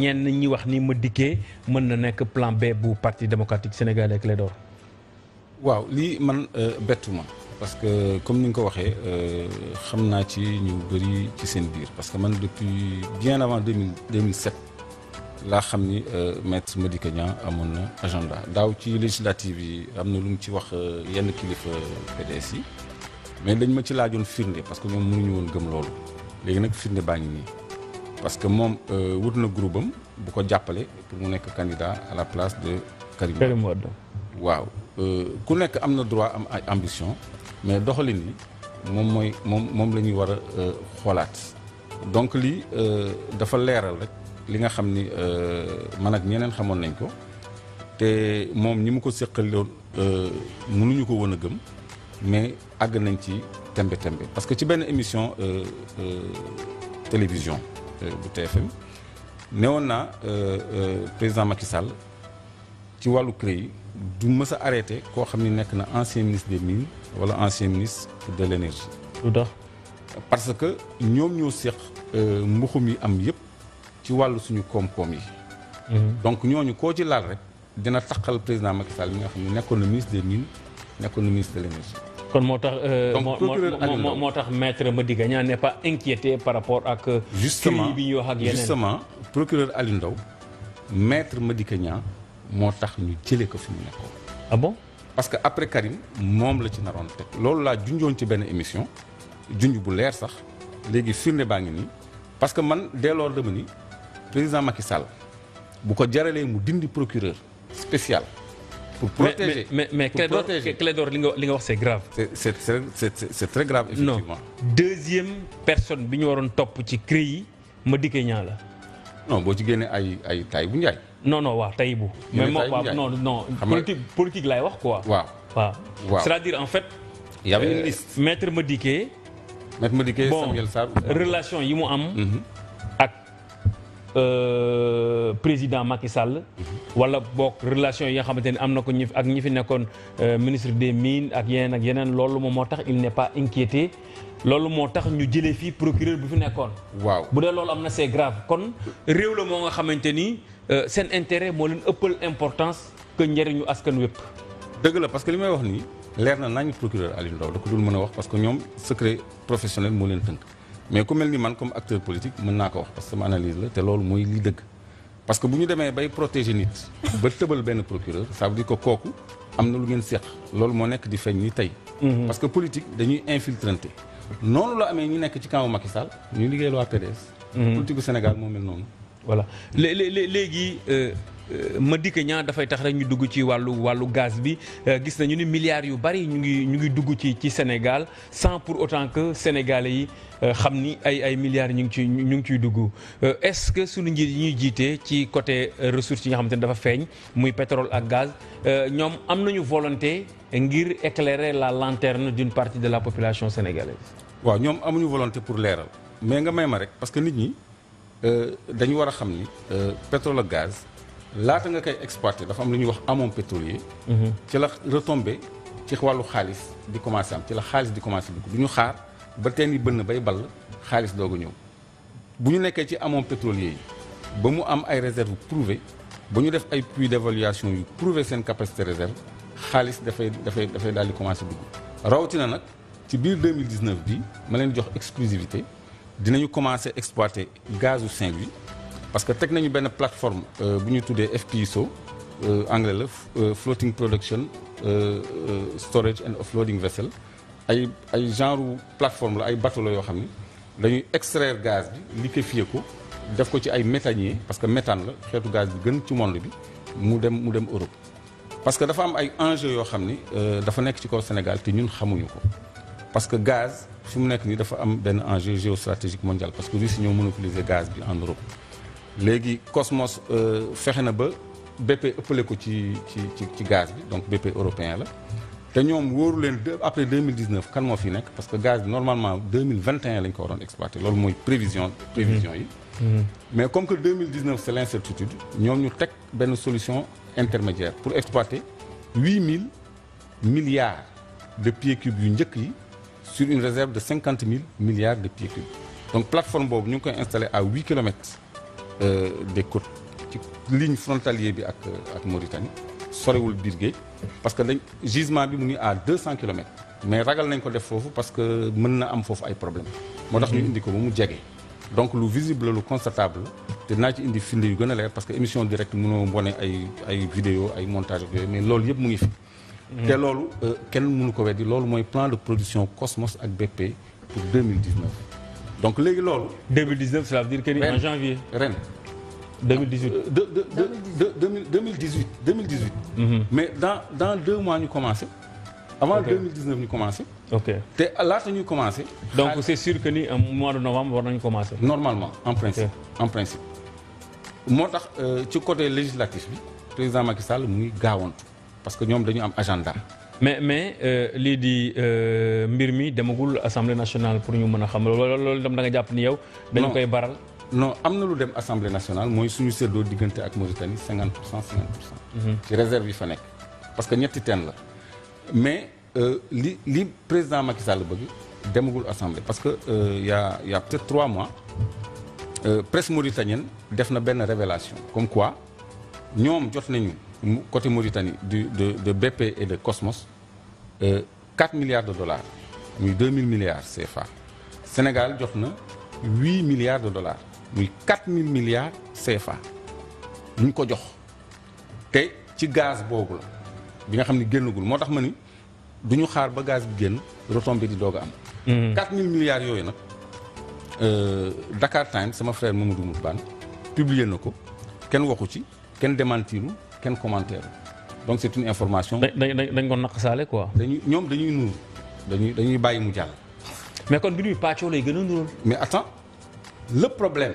ñenn ñi wax ni ma dikkee mën na nek plan B bu parti démocratique sénégalais Clédor waaw li man euh, bettuma parce que comme ni nga ko waxé euh xamna ci ñu bëri ci sen biir parce que man depuis bien avant 2000 2007 la xamni euh maître Madické Niang amoon agenda daw ci législative amna lu mu ci wax euh, yenn kilifa euh, PDS mais dañ ma ci laajoon firnde parce que ñom mënu ñu won gëm loolu légui nak firnde bañ ni parce que mon euh, na groupe beaucoup bu ko pour mu nekk candidat à la place de Karim Wade waaw euh, ku nekk am na droit am ambition mais doxalin yi moom mooy moom moom la ñuy war a euh, xoolaat donc lii euh, dafa leeral rek li nga xam ni man ak ñeneen xamoon nañ ko te moom ñi mu ko séqaloon mënuñu ko mais àgg nañ ci tembe parce que ci une émission télévision bu euh, TFM newoon euh, euh président Macky Sall ci walu créé du mës a arrêté koo xam ne na ancien ministre des mines wala ancien ministre de l'énergie énergie. lu tax parce que ñoom ñoo seq euh, mbuxum yi am yépp ci walu suñu kom-kom yi. Mhm. donc ñooñu ko ci laal rek dina taxal président Macky Sall nga xamni ne na ministre des mines nekkoon na ministre de l'énergie kon motax motax moo euh, maître Madické n'est pas inquiété par rapport à justement bi justement procureur Aliou maître Madické Niang moo tax ñu jëlee ko fi mu nekkoon. ah bon parce que après Karim mom la ci naroon teg la laa junjoon ci ben émission juñju bu leer sax légui firné baa ngi parce que man dès lors de ni président Macky Sall bu ko jaralé mu dindi procureur spécial pour protéger. Mais, mais, mais Clédor, c'est grave. C'est très grave, effectivement. Non. Deuxième personne, qui nous top qui crie, me dit que Non, si tu as Taïbou Ndiaye. Non, non, ouais, Taïbou. Mais moi, non, non, politique, politique là, quoi. Ouais. ouais. ouais. C'est-à-dire, en fait, il y avait une euh, liste. Maître Modiké. Maître Modiké, bon, Samuel Sab. Relation, il m'a mm -hmm. Euh, président Macky Sall. wala bok relation yi nga xamanteni amna ko ñi ak ñi fi nekkoon euh, ministre des mines ak yeneen ak yeneen loolu mo motax il n'est pas inquiété loolu mo tax ñu jëlé fi procureur bu fi nekkon waaw bu dé loolu amna c'est grave kon réew la moo nga xamanteni euh, sen intérêt mo leen ëppal importance que njëriñu askan wépp dëgg la parce que limay wax ni leer na nañu procureur Aliou Ndao da ko dul mëna wax parce que ñom secret professionnel mo leen tënk. mais ku mel ni man comme acteur politique mën naa ko wax parce que sama analyse la te loolu mooy li dëgg parce bu ñu demee bay protéger nit ba tëbal benn procureur ça veut dire kooku am na lu ngeen seq loolu moo nekk di feeñ ni tey mhm. parce que politique dañuy infiltrante noonu la amee ñu nekk ci camp Macky Sall ñu liggéeyal lu PDS mhm. politique bu Sénégal moo mel noonu voilà léegi euh, Euh, ma ñaan da fay tax rek ñu dugg ci walu walu gaz bi euh, gis nañu ni milliards yu bari ñu ngi ñu ngi dugg ci ci Sénégal sans pour autant que sénégalais yi euh, xam ni ay ay milliards ñu ngi ciy ñu ngi ciy dugg est-ce que suñu njiit yi ñuy jité ci côté ressources yi nga xamante dafa feñ muy pétrole ak gaz ñom am nañu volonté ngir éclairer la lanterne d'une partie de la population sénégalaise. wa ñom amuñu volonté pour leeral. mais nga may ma rek parce que nit ñi dañu wara a xam ni pétrole ak gaz laata nga koy exploité dafa am lu ñuy wax amont pétrolier. Mhm. ci la retombé ci wàllu xaalis di commencé am ci la xaalis di commencé dugg du xaar ba teen yi bënn bay ball xaalis doog a ñëw bu ñu nekkee ci amont pétrolier yi ba mu am ay réserve prouvées ba ñu def ay puits d'évaluation yu prouvé seen capacité réserve xaalis dafay dafay dafay daal di commencé dugg rawatina nag ci biir 2019 bi ma leen jox exclusivité dinañu commencé exploité gazu Saint-Louis parce que tek nañu ben plateforme euh buñu tuddé FPSO euh, anglais la euh, floating production euh, storage and offloading vessel ay ay genre plateforme la ay bateau la yo xam dañuy extraire gaz bi liquéfier ko def ko ci ay méthaniers parce que méthane la xétu gaz bi gën ci monde bi mu dem mu dem Europe parce que dafa am ay enjeux yo xam euh dafa nek ci ko Sénégal té ñun xamuñu ko parce que gaz fi mu nekk nii dafa am ben enjeu géostratégique mondial parce que Russie ñoo monopoliser gaz bi en Europe Légui Cosmos euh, ferrenable BP ko gaz donc BP européen la te après 2019 kan parce que gaz normalement 2021 lañ ko encore exploité C'est une prévision prévision mhm. Mhm. mais comme que 2019 c'est l'incertitude nous ñu une solution intermédiaire pour exploiter 8000 milliards de pieds cubes yu sur une réserve de 50 000 milliards de pieds cubes donc plateforme bob ñu à 8 km des euh, côtes ci ligne frontalier bi ak euh, ak Mauritanie sorewul biir parce que le gisement bi mu ngi à 200 km mais ragal nañ ko def fofu parce que mën na am fofu ay problème motax ñu indi ko mu djégé donc lu visible lu constatable té na ci indi firnde yu gën parce que émission direct mënoo wone ay ay vidéo ay montage ak mais lool yëpp mu ngi fi. Mm. te loolu euh, kenn mënu ko weddi loolu moy plan de production Cosmos ak BP pour 2019 donc les 2019 ça veut dire que a en janvier. Rennes. 2018 2018. mais dans dans deux mois nous commençons. avant 2019 nous commençons. ok là, nous nous commençons. donc c'est sûr que ni mois de novembre nous commençons normalement en principe en principe. Moi euh, côté législatif le président Macky Sall nous gaawantu parce que nous avons un agenda mais mais euh, lii di euh, mbir mi demagul assemblée nationale pour ñu mëna xam loolu dem da nga japp ni yow. dañ koy baral. non amna lu dem assemblée nationale mooy suñu seddoo diggante ak Mauritanie 50% 50% cent cinquante mhm. ci réserve yi fa nek parce que ñetti ten la mais euh, li li président Macky Sall bëgg demagul assemblée parce que y a y a peut-être trois mois presse mauritanienne def na ben révélation comme quoi ñom jot nañu côté Mauritanie, de, BP et de Cosmos, 4 euh, milliards de dollars, 2 000 milliards CFA. Sénégal 8 milliards de dollars 4 000 milliards CFA Nous avons ko jox le gaz est un bi nga xam ne génnagul moo ni gaz bi génn retombé di mm-hmm. milliards Dakar Time, euh, Dakar Times sama frère Mamadou Publié, publier na a waxu ci kenn quel commentaire donc c'est une information. dañ dañ dañ ko naqasaale quoi. dañuy ñoom dañuy nuur dañuy dañuy bàyyi mu mais kon bi ñuy pàccoo lay gën a mais attends le problème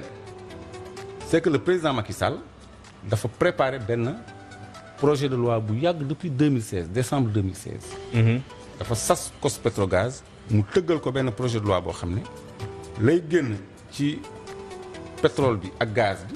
c'est que le président Macky Sall dafa préparer benn projet de loi bu depuis 2016 décembre 2016. Mhm. dafa sas cos Petrogaz mu tëggal ko benn projet de loi boo xam ne lay génn ci pétrole bi ak gaz bi.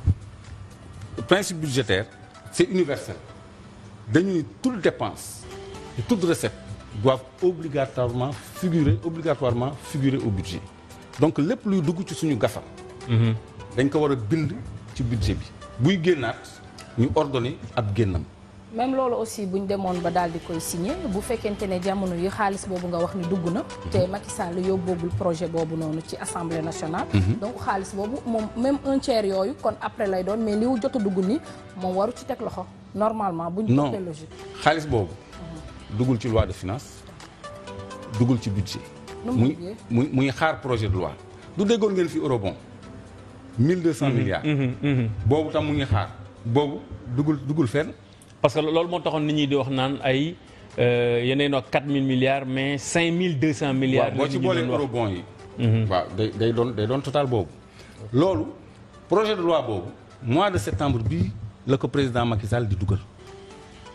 principe budgétaire, c'est universel. les dépenses et toutes les recettes doivent obligatoirement figurer, obligatoirement au budget. Donc, les plus doux coûts sont GAFA, nous mhm. devons bind ci budget bi buy génnaat ñu ordonné même lolo aussi buñ ñu ba dal di koy signer bu fekente ne jamono yi xaliss bobu nga wax ni duguna té mhm. Macky Sall yóbboogul projet bobu nonu ci assemblée nationale. Mhm. donc xaliss bobu mom même un tiers yoyu kon après lay don mais li wu jotta a ni moom waru ci tek loxo normalement. buñ ñu toppee logique non xaalis boobu. Mhm. duggul ci loi de finance duggul ci budget muy muy muy xaar projet de loi. du déggoon ngeen fi eurobond. 1200 milliards. bobu tam mu ngi xaar. bobu duggul duggul fenn parce que loolu moo que nit ñi di wax naan ay euh, yeneen wax 4000 milliards mais 5200 milliards. boo ci boolee eurobond yi. Mhm. waaw day day doon day total boobu. loolu projet de loi le mois de septembre le le président Macky Sall di dugal.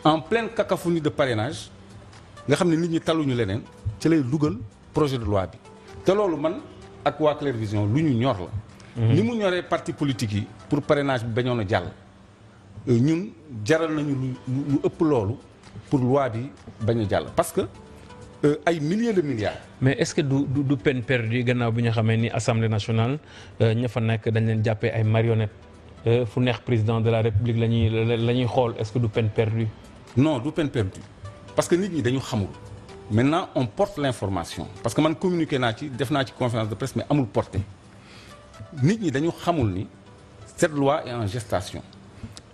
en pleine cacophonie de parrainage nga xam nit ñi taluñu leneen ci lay projet de loi bi te loolu man ak waa Claire Vision lu ñu ñor la. Mhm. ni mu parti politique yi pour parrainage bi bañoon a nous jaral nañu lu ëpp lolu pour loi bi baña Parce parce que euh, ay milliers de milliards. mais est-ce que du du peine perdue gannaaw bi ñu ni assemblée nationale euh, ña fa nekk dañ leen jappé ay marionnettes euh, fu neex président de la république est-ce que du peine perdue. non du peine perdue parce que nit ñi dañu xamul maintenant on porte l'information parce que man communiqué na ci def conférence de presse mais amul porté nit ñi dañu xamul ni cette loi est en gestation.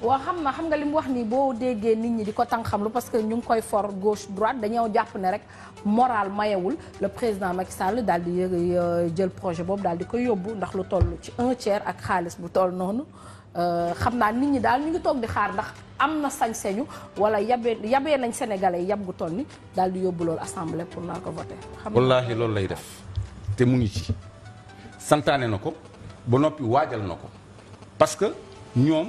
waaw xam na xam nga li wax nii boo déggee nit ñi diko ko tànqamlu parce que ñu ngi koy for gauche droite dañu japp ne rek moral mayewul le président Macky Sall dal di euh, jël projet bob dal di ko yobbu ndax lu tollu ci 1 tiers ak xaalis bu toll nonu euh xamna nit ñi dal ñu ngi tok di xaar ndax amna sañ señu wala yabé yabee nañ sénégalais yab gu toll ni daal di yobbu loolu assemblée pour nako voter. wallahi wallaahi lay def té mu ngi ci santané nako bu nopi noppi nako parce que ñom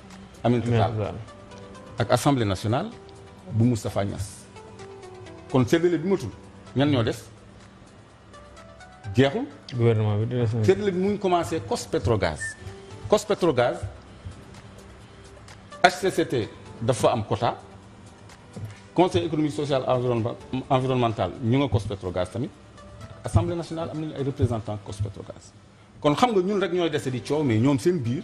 Aminata Tall ak assemblée nationale bu Moustapha Niass kon séddale bi matul ñan ñoo des jeexul. gouvernement bi dina séddale bi mu ngi commencé COS Petrogaz. COS Petrogaz HCCT dafa am quota conseil économique social environnemental ñu nga COS Petrogaz tamit assemblée nationale am nañu ay représentant COS Petrogaz kon xam nga ñun rek ñooy dese di coow mais ñoom seen biir.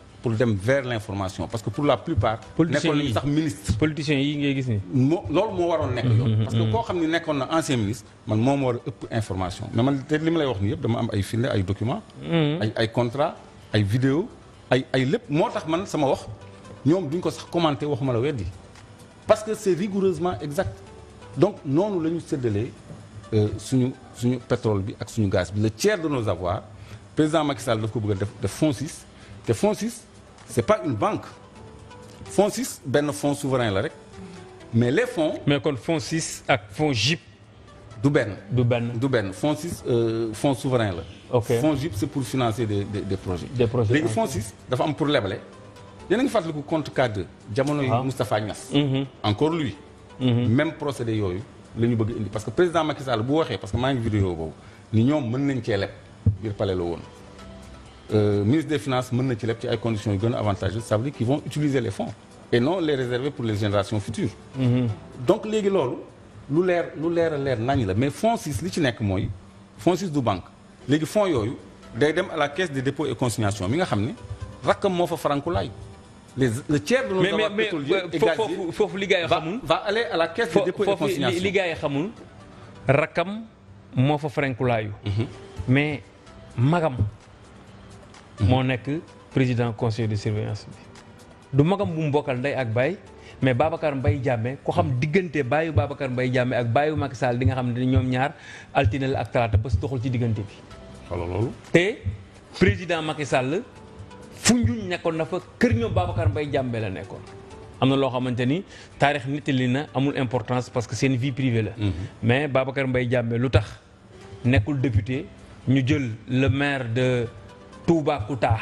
pour dem vers l'information parce que pour la plupart. les nañu ministre politiciens yi ngay gis ni moo mo moo nek yo mhm. parce que ko xamni ne na ancien ministre. man mom ma war a information mais man te li lay wax ni yeb dama am ay filets ay documents. Mhm. ay ay contrats ay vidéos ay ay lepp motax man sama wax ñom duñ ko sax commenter waxuma la weddi parce que c'est rigoureusement exact donc noonu lañu ñu euh suñu suñu pétrole bi ak suñu gaz bi le tiers de nos avoirs président Macky Sall daf ko bëgg def de fonds 6 te fonds 6 c'est pas une banque fonds 6 ben fonds souverain Là, rek mais les fonds. mais kon fonds 6 ak fonds JIP. du benn du du fonds 6 euh, fonds souverain Là. ok fonds JIP c'est pour financer des des des projets. des projets fonds 6 dafa am pour leble. yéen a ngi compte compte cadre jamono yi ah. Moustapha Niass. Mhm. encore lui. Mhm. même procédé yooyu la bëgg parce que président Macky Sall bu waxee parce que maa ngi vidéo boobu ni ñoom mën nañ de leb biir palais la euh, ministre des Finances mën na ci ci ay conditions yu avantageuses ça veut dire qu'ils vont utiliser les fonds et non les réserver pour les générations futures mm -hmm. donc les loolu lu leer lu leer a mais fonds six li ci nekk fonds six du banque léegi fonds yooyu day dem à la caisse des dépôts et consignations mi nga xam ne rakkam moo fa les le tiers de nos li euh, xamul va aller à la caisse des dépôts et consignations li gars yi xamul rakkam moo fa mhm. mais magam Mhm. moo nek président conseil de surveillance bi du magam bu mbokal nday ak bay mais Babacar mbay Jamé, ko xam mhm. digënté bayu Babacar mbay Jamé ak bayu Macky Sall di nga xam ni ñom ñaar altinel ak talata ba doxul ci digënté bi. xala loolu. té président Macky Sall fu ñu nekkoon na fa kër ñom Babacar mbay Diame la nekkoon. amna lo loo xamante nitilina amul importance parce que c'est une vie privée la. Mhm. mais Babacar mbay Jamé, lutax nekkul député ñu jël le maire de. Touba Toubacouta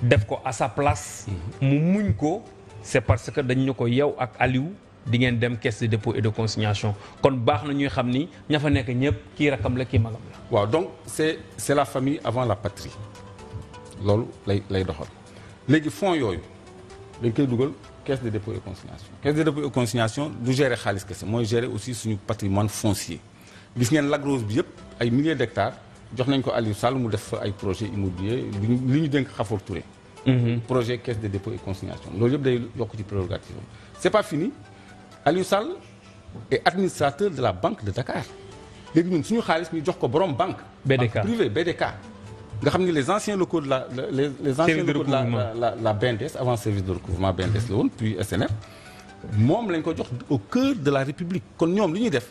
def ko à sa place mu muñ ko c'est parce que dañ ñu ko yow ak Aliou di ngeen dem caisse de dépôt et de consignation kon bax na ñuy xam ni ña fa nekk rakam la ki magam la waaw donc c'est c'est la famille avant la patrie loolu lay lay doxal légui fonds yooyu dañ koy duggal caisse de dépôt et consignation caisse de dépôt et consignation du gérer xaalis kese moy gérer aussi suñu patrimoine foncier gis ngeen Lac Rose bi yëpp ay milliers d'hectares jox nañ ko Aliou Sall mu def fa ay projet immobilier li ñu dénk Khafor Touré mhm. projet caisse de dépôt et consignation loolu yëpp day yokk ci prérogative c'est pas fini Aliou Sall est administrateur de la banque de Dakar léegi ñun suñu xaalis ñu jox ko borom banque BDK privé BDK nga xam les anciens locaux de la les, anciens locaux de la la, la BNDES avant service de recouvrement BNDES la puis SNF moom lañ ko jox au cœur de la République kon ñoom li ñuy def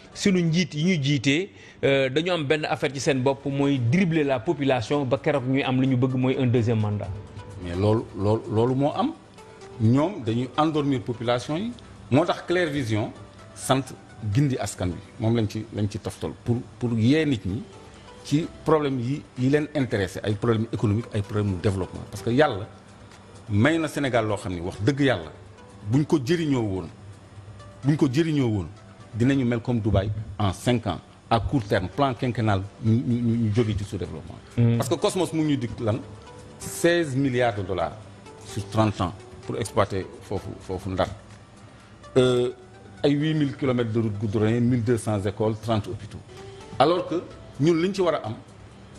sunu njiit yi ñu euh dañu am benn affaire ci seen bop moy dribbler la population ba kérok ñuy am li ñu bëgg moy un deuxième mandat. mais loolu loolu loolu moo am ñom dañuy endormir population yi motax tax Claire Vision sant gindi askan bi mom lañ ci lañ ci toftal pour pour yee nit ñi ci problème yi yi leen intéressé ay problème économique ay problème de développement parce que yalla may na Sénégal lo xamni wax dëgg yalla buñ ko jëriñoo woon buñ ko jëriñoo woon comme Dubaï en 5 ans à court terme plan quinquennal nous développement mm. parce que Cosmos nous 16 milliards de dollars sur 30 ans pour exploiter fofu fofu 8000 km de route goudronnée 1200 écoles 30 hôpitaux alors que nous liñ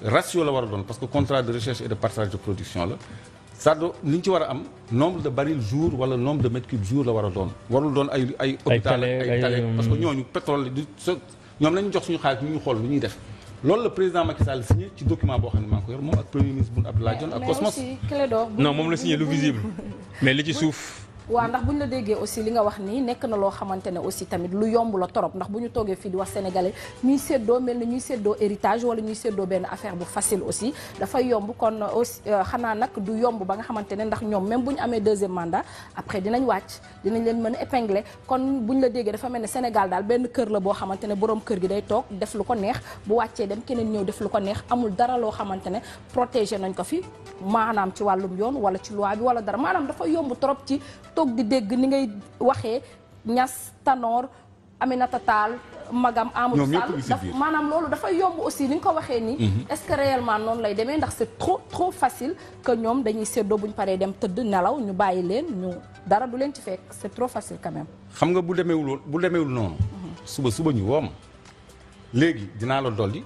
ratio la parce que contrat de recherche et de partage de production c'est-à-dire li ñu ci war a am nombre de baril jour wala nombre de mètres jour la war a doon warul doon ay ay hôpital ay tale parce que euh, ñooñu pétrole du so ñoom nañu jox suñu xaalis ñu ñu xool lu ñuy def loolu la président Macky Sall signé ci document boo xam ne maa ngi ko yor moom ak premier ministre Boun Abdallah Dionne ak Cosmos non moom la signé lu visible mais li ci suuf waaw ndax bu ñu la déggee aussi li nga wax nii nekk na loo xamante ne aussi tamit lu yomb la torop ndax bu ñu toogee fii di wax sénégalais ñuy séddoo mel ni ñuy séddoo héritage wala ñuy séddoo benn affaire bu facile aussi dafay yomb kon aussi euh, xanaa nag du yomb ba nga xamante ne ndax ñoom même bu ñu amee deuxième mandat après dinañ wàcc dinañ leen mën a épingler kon bu ñu la déggee dafa mel ne Sénégal daal benn kër la boo xamante ne borom kër gi day toog def lu ko neex bu wàccee dem keneen ñëw def lu ko neex amul dara loo xamante ne protégé nañ ko fi maanaam ci wàllum yoon wala ci loi wala dara maanaam dafa yomb trop ci toog di dégg ni ngay waxee Niass Tanor Aminata Tall magam Amadou Sall maanaam loolu dafa yomb aussi ni nga ko waxee ni mhm. est-ce que réellement noonu lay demee ndax c'est trop trop facile que ñoom dañuy séddoo bu ñu paree dem tëdd nelaw ñu bàyyi leen ñu dara du leen ci fekk c'est trop facile kamem xam nga bu demeewul bu demeewul noonu mhm. suba suba ñu woo léegi dinaa la dolli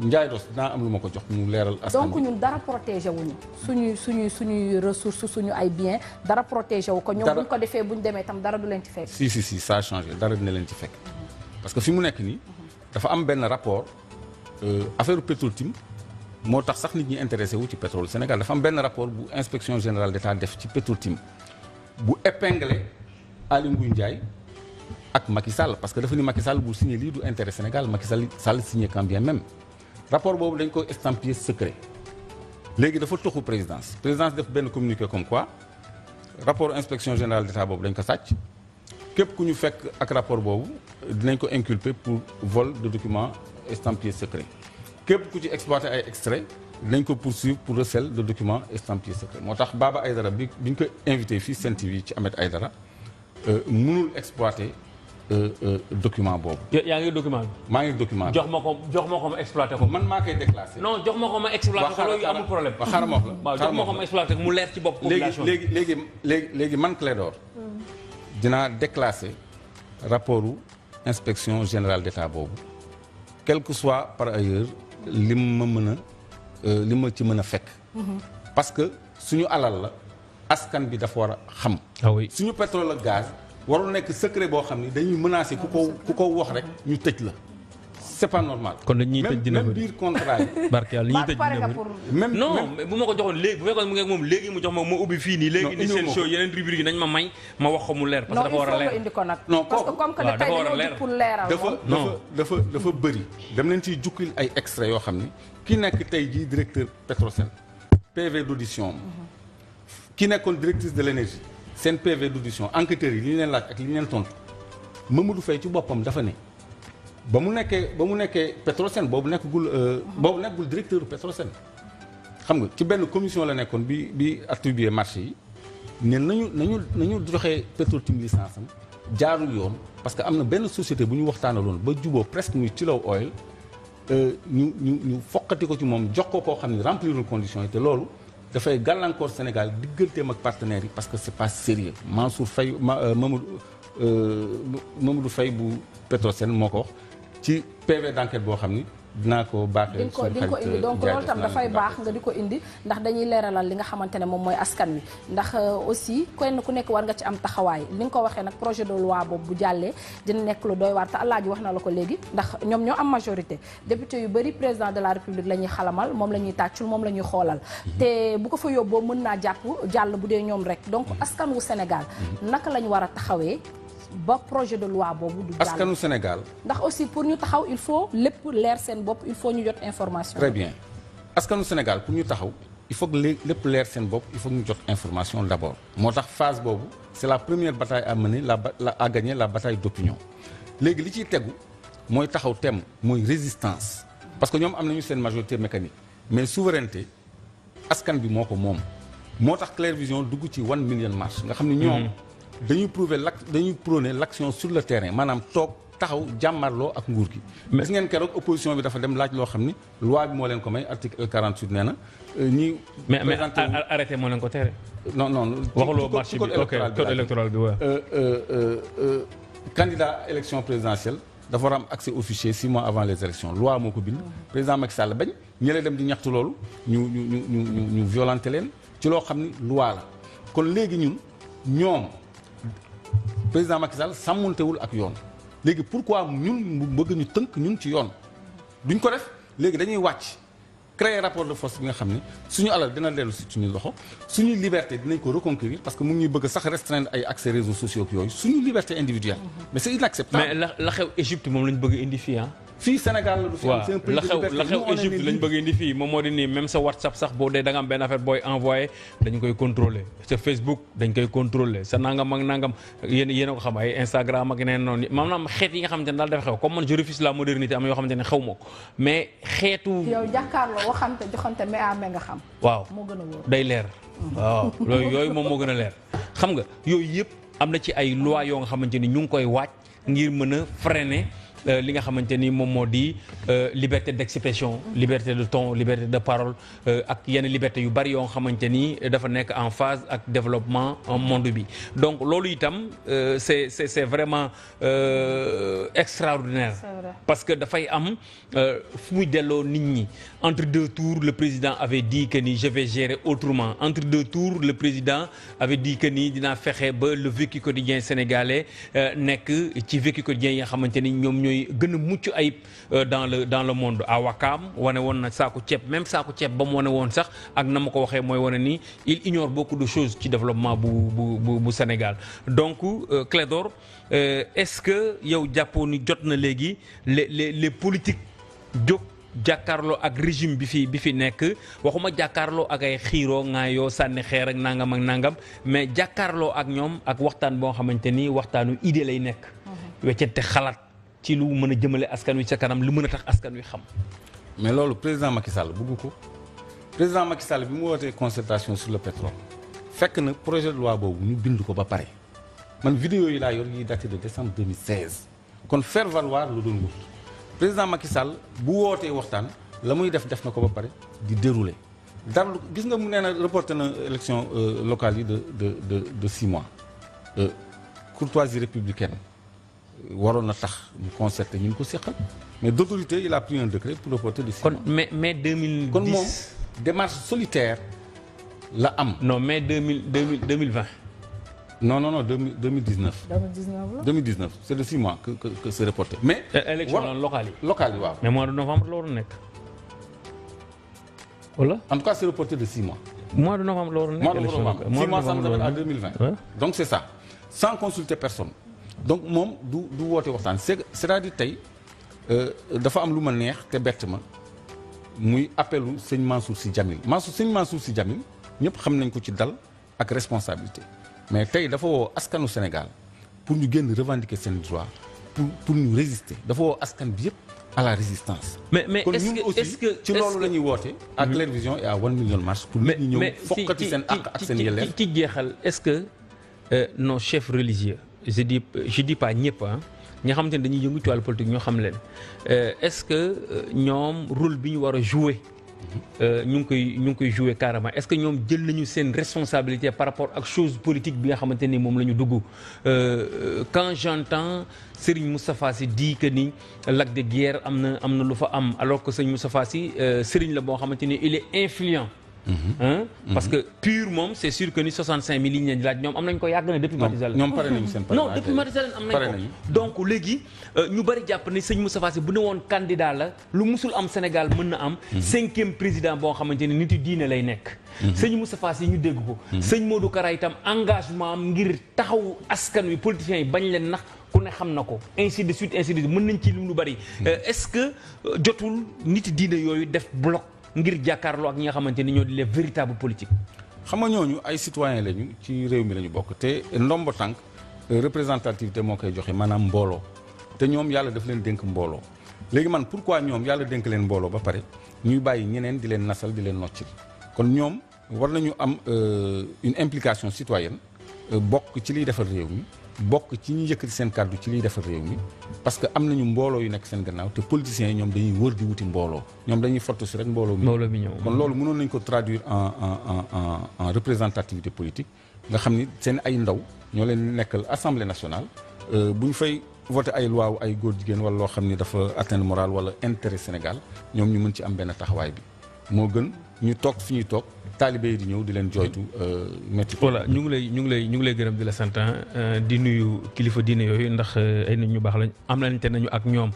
Ndiaye Doss dinaa am lu ma ko jox mu leeral. askan donc ñun dara protégé wuñu suñuy suñuy suñuy ressources suñu ay bien dara protégé wu ko. dara ñoom bu ñu ko defee bu ñu demee tam dara du leen ci fekk. si si si ça a dara dina leen ci fekk parce que fi mu nekk nii. dafa am benn rapport euh, affaire Petro-Tim moo tax sax nit ñi intéressé wu ci pétrole Sénégal dafa am benn rapport bu inspection générale d'État def ci Petro-Tim bu épinglé Aly Ngouille njaay ak Macky Sall parce que dafa ni Macky Sall bu signé lii du intérêt Sénégal Sall Sall signé quand bien rapport bobu dañ ko estampillé secret légui dafa la présidence présidence def ben communiqué comme quoi rapport inspection générale de l'État dañ ko Ce képp ku ñu fekk ak rapport Bobu, dinañ ko inculper pour vol de documents estampillé secret kep ku ci exploité ay extrait dinañ ko poursuivre pour recel de documents estampillé secret motax Baba Aydara biñ invité fi Sen TV ci Ahmed Aydara euh, mënul exploiter euh, euh, document Y a un document y document non problème. rapport inspection générale d'état travaux. quel que soit par ailleurs euh, mhm. parce que suñu alal askan ah pétrole gaz warul nek secret bo dañuy menacer wax rek ñu la c'est pas normal. même non bu je ne vous bu mu mu jox show rubrique ma may ma wax que dafa wara non parce que comme que a leer dafa dafa dafa dafa pas leen ci jukkil ay extrait yo xamni ki directeur PV d'audition mhm. ki pas directrice de l'énergie seen PV d'audition enquêteurs yi li ñen leen ak li ñen leen Mamadou Faye ci bopam dafa né ba mu nekké ba mu nekkee Petrosen nekkul euh bobu nekkul directeur Petrosen xam nga ci benn commission la nekkoon bi bi attribué marché yi ne nañu nañu nañu pétrole tim licence am jaarul yoon parce que amna na benn société bu ñu waxtaanaloon ba jubo presque muy ci oil euh ñu ñu ñu fokkati ko ci moom jox ko koo xam ne remplirul condition yi te loolu dafay gàllankoor Sénégal digganteem ak partenaires yi parce que c'est pas sérieux Mansour Faye euh, Mamadou euh, du Faye bu Petrosen moo ko ci PV d'enquête boo xam ni dinaa ko ko di ko donc loolu tam dafay baax nga di ko indi ndax dañuy leeralal li nga xamante ne moom mooy askan wi ndax euh, aussi kenn ku nekk war nga ci am taxawaay li nga ko waxee nag projet de loi boobu bu jàllee dina nekk lu doy waar te Alaaji wax na la ko léegi ndax ñoom ñoo am majorité député yu bëri président de la république la ñuy xalamal moom la ñuy tàccul moom la ñuy xoolal mhm. te bu ko fa yóbboo mën naa jàpp jàll bu dee ñoom rek donc mhm. askan wu Sénégal mhm. naka lañ war a taxawee ba projet de loi boobu du jàll Sénégal ndax aussi pour ñu taxaw il faut lépp leer sen bopp il faut ñu jot information très bien que nous Sénégal pour ñu taxaw il faut que lépp l'air sen bopp il faut que ñu information d'abord moo phase bobu c'est la première bataille à mener la à gagner la bataille d'opinion léegi li ciy tegu mooy taxaw thème mooy résistance parce que ñoom am nañu seen majorité mécanique mais souveraineté askan bi moo ko moom moo Claire Vision dugg ci one million marche nga xam ne dañuy prouver l' dañuy prôner l'action sur le terrain manam tok taxaw jamarlo ak nguur gi. mais ngeen kérok opposition bi dafa dem laaj lo xamni loi bi mo len ko may article 48 néna euh, ñi. mais mais arrêté moo leen ko téré non non waxulo marché bi ok code électoral bi euh, euh euh euh candidat élection présidentielle dafa ram accès au 6 mois avant les élections loi moko ko bind. président Macky Sall bañ ñële dem di ñaxtu lolu ñu ñu ñu ñu ñu violenté leen ci lo xamni loi la kon légui ñun ñom président Macky Sall sàmmuntewul ak yoon légui pourquoi ñun bëgg ñu teunk ñun ci yoon duñ ko def légui dañuy wacc créer rapport de force bi nga xam suñu alal dina dellu ci suñu loxo suñu liberté dinañ ko reconquérir parce que mu ngi bëgg sax restreindre ay accès réseaux sociaux yoy suñu liberté individuelle mhm. mais c'est inacceptable mais la xew Égypte mom lañ bëgg indi hein fii Sénégal la du fi la xew Égypte lañ bëgg indi fii moom moo di nii même sa WhatsApp sax boo dee da nga am benn affaire booy envoyé dañ koy contrôler sa Facebook dañ koy contrôler sa nangam ak nangam yéen yéen a ko xam ay Instagram ak yeneen noonu maanaam xeet yi nga xamante ne daal dafa xew comme man je refuse la modernité am yoo xamante ne xew ma ko mais xeetu. yow jàkkaarloo waxante joxante mais amee nga xam. waaw moo gën a day leer. waaw loolu yooyu moom moo gën a leer xam nga yooyu yëpp am na ci ay loi yoo nga xamante ni ñu ngi koy waaj ngir mën a freiner Euh, li nga xamante ni moom euh, liberté d'expression liberté de ton liberté de parole euh, ak yenn liberté yu bari yoo xamante ni dafa nekk en phase ak développement monde bi donc loolu c'est vraiment extraordinaire parce que dafay am entre deux tours le président avait dit que ni je vais gérer autrement entre deux tours le président avait dit que ni dinaa fexe ba le vécu quotidien sénégalais nekk ci vécu quotidien nga yooyu gën ayib euh, dans le dans le monde à Wakam wane woon na saako ceeb même saako ceeb ba bam wane woon sax ak na ma ko waxee ni il ignore beaucoup de choses ci développement bu bu bu Sénégal donc euh, Clédor euh, est-ce que yow jàppoon ni jot na léegi les les les politiques djok jakarlo ak régime bi fi bi fi nek waxuma jakarlo ak ay nga yo sànni xeer ak nangam ak nangam mais jakarlo ak ñom ak waxtaan bo xamanteni waxtaanu idée lay nek mhm. weccente xalat ci lu mën a askan wi ca kanam lu mën tax askan wi xam. mais loolu président Macky Sall bëgg ko président Macky Sall bi mu wootee concertation sur le pétrole fekk na projet de loi bobu ñu bind ko ba paré man vidéo yi la yor yi daté de décembre 2016 kon faire valoir lu doon wut président Macky Sall bu wootee waxtan la muy def def na ko ba paré di dérouler dara gis nga mu néna reporter na élection euh, locale yi de de de de 6 mois euh, courtoisie républicaine tax mais d'autorité il a pris un décret pour reporter de six mois. kon mai 2010 démarche solitaire la am. non mai 2020. non non non 2019. 2019, c'est de 6 mois que que c'est reporté mais. Euh, élection locale locale mais mois de novembre la en tout cas c'est reporté de 6 mois. mois de novembre la mois de novembre mois ça nous à 2020. Hein? donc c'est ça sans consulter personne donc mom du du woote waxtan c'est c'est-à-dire euh dafa am lu ma neex te bett ma muy appelou sëñ Mansour Sy Djamil Mansour sëñ Mansour Sy Djamil ñëpp xam nañ ko ci dal ak responsabilité mais tay dafa wo askanu Sénégal pour ñu guen revendiquer sen droit pour pour ñu résister dafa wo askan bi yëpp à la résistance. mais mais est-ce que est-ce que ci loolu lañuy woté à mm-hmm. Claire Vision et à 1 Million marche pour nit ñi ñëw fokkati seen ak sen yelleef ci est-ce que euh, nos chefs religieux je dis je dis pas n'importe. hein ah. ñi xamante ne dañuy yëngu ci wàllu politique ñoo xam euh, est-ce que euh, ñoom rôle bi ñu war jouer euh, ñu ngi koy ñu koy jouer carrément est-ce que ñoom jël nañu seen responsabilité par rapport ak chose politique bi nga xamante ni moom la ñu quand j'entends Serigne Moustapha Sy di que ni lac de guerre am na am lu fa am alors que Serigne Moustapha Sy Serigne la boo xamante il est influent Hein? Mhm. parce que pur moom c' sûr que ni 65000 yi ñu la ñom am nañ ko yàgg na depuis Macky ñom paré pare nañu seen non depuis Macky Sall am nañ ko donc légui euh, ñu bari japp ne sëñ Moustapha Sy bu ne won candidat la lu musul am Sénégal mën na am 5e mhm. président bo xamanteni ne diiné lay nek mhm. sëñ Moustapha Sy ñu dégg ko sëñ Modou Kara itam engagement am ngir taxaw askan wi politiciens yi bañ leen nax ku ne xam na ko ainsi de suite ainsi de suite mën nañ ci lim lu bari euh, est ce que euh, jotul nit diiné yoyu def bloc ngir jàkkaarloo ak ñi nga xamante ni ñoo di les véritables politiques. xam nga ñooñu ay citoyens lañu ci réew mi lañu bokk te ndombo tànk euh, représentativité moo koy joxe maanaam mbooloo te ñoom yàlla def leen dénk mbooloo léegi man pour pourquoi ñoom yàlla dénk leen mbooloo ba pare ñuy bàyyi ñeneen di leen nasal di leen noccil kon ñoom war nañu am euh, une implication citoyenne euh, bokk ci liy defar réew mi. bokk ci ñu yëkkati seen kàddu ci liy defar réew mi parce que am nañu mbooloo yu nekk seen gannaaw te politiciens yi ñoom dañuy wër di wuti mbooloo ñoom dañuy fortu si rek mbooloo mi ñu kon loolu mënoon nañ ko traduire en en en politique nga xam ni seen ay ndaw ñoo leen nekkal assemblée national euh, bu ñu fay voté ay loi ay góor jigéen wala loo xam ni dafa atteindre moral wala intérêt Sénégal ñoom ñu mun ci am benn taxawaay bi moo gën ñu toog fi ñuy toog taalibe yi di ñëw di leen jooytu euh, métti voilà ñu ngi lay ñu ngi lay ñu ngi lay gërëm di la sant euh, di nuyu kilifa diine yooyu ndax euh, ay nit ñu baax lañ am nañte nañu ak ñoom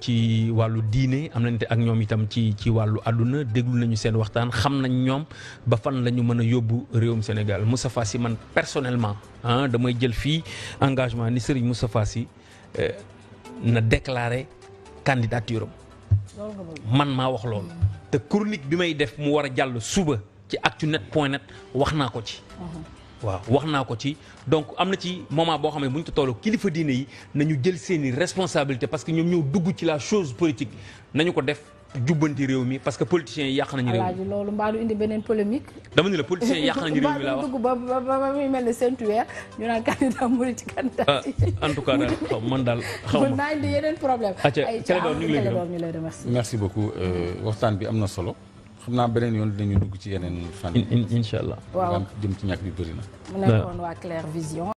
ci wàllu diine am nañte ak ñoom itam ci ci wàllu àdduna déglu nañu seen waxtaan xam nañ ñoom ba fan la ñu mën a yóbbu réewum Sénégal Moustapha Sy man personnellement ah damay jël fii engagement ni Serigne Moustapha si na déclaré candidature man maa wax loolu te chronique bi may def mu war a jàll suba ci actunet point net wax naa ko ci waaw wax naa ko ci donc am na ci moment boo xam ne bu ñu ko tolloo kilifa diine yi nañu jël seeni responsabilité parce que ñoom ñëw dugg ci la chose politique nañu ko def jubbanti réew mi parce que politiciens yi nañu réew mi. mbaa du indi beneen polémique. dama ni la politiciens yi nañu réew mi laa wax ba ah, daal xaw man naa indi yeneen problème. ay ca ñu lay gërëm merci beaucoup euh, waxtaan bi am na solo. xam naa beneen yoon dinañu dugg ci yeneen fan. incha allah waaw jëm ci ñàkk bi bëri na. mu nekkoon waa Claire Vision.